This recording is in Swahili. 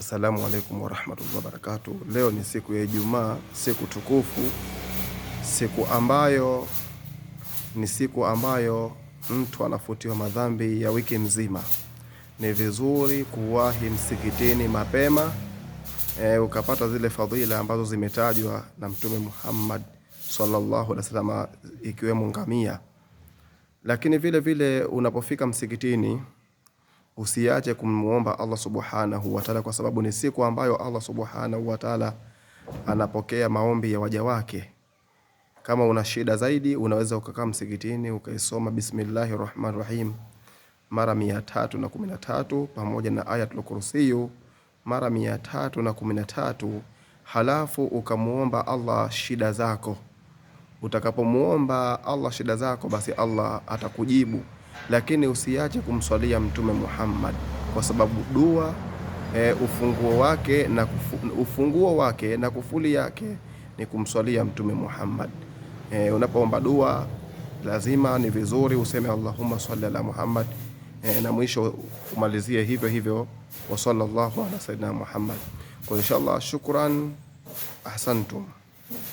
Assalamu alaikum warahmatullahi wabarakatuh. Leo ni siku ya Ijumaa, siku tukufu, siku ambayo ni siku ambayo mtu anafutiwa madhambi ya wiki nzima. Ni vizuri kuwahi msikitini mapema e, ukapata zile fadhila ambazo zimetajwa na Mtume Muhammad sallallahu alaihi wasallam, ikiwemo ngamia. Lakini vile vile unapofika msikitini usiache kumuomba Allah subhanahu ta'ala, kwa sababu ni siku ambayo Allah subhanahu ta'ala anapokea maombi ya waja wake. Kama una shida zaidi, unaweza ukakaa msikitini ukaisoma bismillahi rahim mara mia tatu na kumi na tatu pamoja na Ayatul Kursiyu mara mia tatu na kumi na tatu halafu ukamwomba Allah shida zako. Utakapomwomba Allah shida zako, basi Allah atakujibu lakini usiache kumswalia Mtume Muhammad kwa sababu dua e, ufunguo wake na kufu, ufunguo wake na kufuli yake ni kumswalia Mtume Muhammad. E, unapoomba dua lazima ni vizuri useme Allahumma salli ala Muhammad e, na mwisho umalizie hivyo hivyo wa sallallahu ala sayyidina Muhammad. Kwa inshallah, shukran, ahsantum.